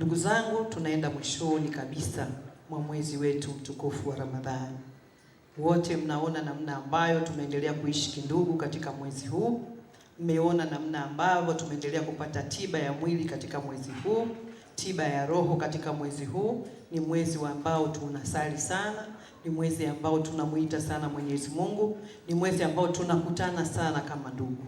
Ndugu zangu, tunaenda mwishoni kabisa mwa mwezi wetu mtukufu wa Ramadhani. Wote mnaona namna ambayo tumeendelea kuishi kindugu katika mwezi huu. Mmeona namna ambavyo tumeendelea kupata tiba ya mwili katika mwezi huu, tiba ya roho katika mwezi huu. Ni mwezi ambao tunasali sana, ni mwezi ambao tunamuita sana Mwenyezi Mungu, ni mwezi ambao tunakutana sana kama ndugu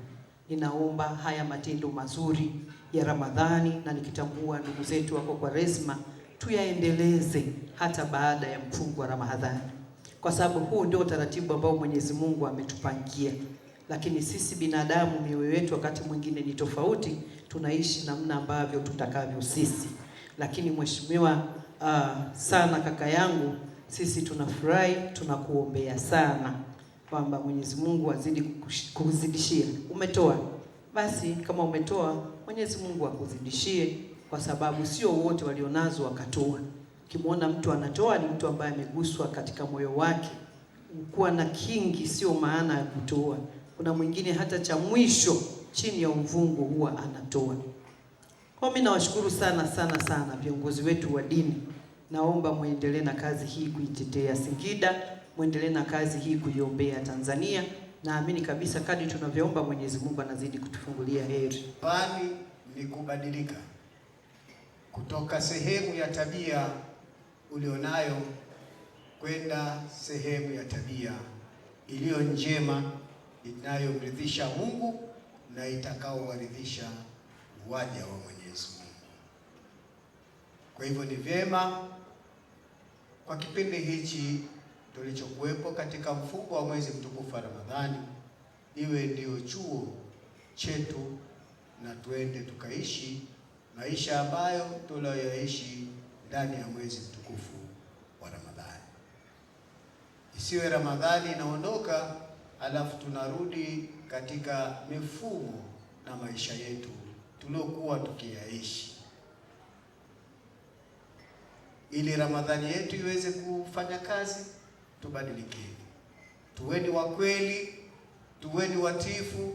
ninaomba haya matendo mazuri ya Ramadhani, na nikitambua ndugu zetu wako kwa resma tuyaendeleze hata baada ya mfungo wa Ramadhani, kwa sababu huu ndio utaratibu ambao Mwenyezi Mungu ametupangia. Lakini sisi binadamu, mioyo yetu wakati mwingine ni tofauti, tunaishi namna ambavyo tutakavyo sisi. Lakini mheshimiwa, uh, sana kaka yangu, sisi tunafurahi, tunakuombea sana kwamba Mwenyezi Mungu azidi kukuzidishia. Umetoa basi, kama umetoa Mwenyezi Mungu akuzidishie, kwa sababu sio wote walionazo wakatoa. Ukimwona mtu anatoa ni mtu ambaye ameguswa katika moyo wake. Kuwa na kingi sio maana ya kutoa. Kuna mwingine hata cha mwisho chini ya uvungu huwa anatoa. Kwa mimi nawashukuru sana sana sana viongozi wetu wa dini, naomba muendelee na kazi hii kuitetea Singida mwendelee na kazi hii kuiombea Tanzania. Naamini kabisa kadri tunavyoomba Mwenyezi Mungu anazidi kutufungulia heri. Imani ni kubadilika kutoka sehemu ya tabia ulionayo kwenda sehemu ya tabia iliyo njema inayomridhisha Mungu na itakaowaridhisha waja wa Mwenyezi Mungu. Kwa hivyo ni vyema kwa kipindi hichi tulichokuwepo katika mfungo wa mwezi mtukufu wa Ramadhani iwe ndio chuo chetu na tuende tukaishi maisha ambayo tunayoishi ndani ya mwezi mtukufu wa Ramadhani. Isiwe Ramadhani inaondoka alafu tunarudi katika mifumo na maisha yetu tuliokuwa tukiyaishi. Ili Ramadhani yetu iweze kufanya kazi tubadilikeni Tuweni wa kweli, tuweni watifu,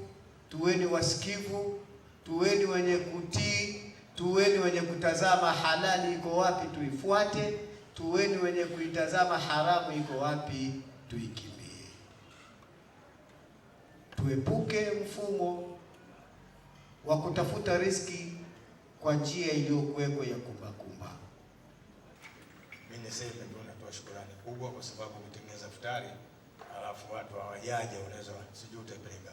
tuweni wasikivu, tuweni wenye kutii, tuweni wenye kutazama halali iko wapi tuifuate, tuweni wenye kuitazama haramu iko wapi tuikimbie. Tuepuke mfumo wa kutafuta riziki kwa njia iliyokuwekwa ya kumbaku niseme ndio natoa shukrani kubwa kwa sababu umetengeneza futari alafu watu hawajaje, unaweza sijui utapeleka.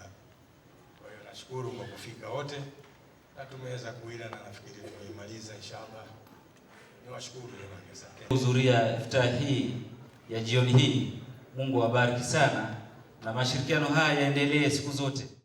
Kwa hiyo nashukuru kwa kufika wote na tumeweza kuila na nafikiri tumeimaliza inshallah. Niwashukuru jamani, asante kuhudhuria futari hii ya jioni hii. Mungu awabariki sana na mashirikiano haya yaendelee siku zote.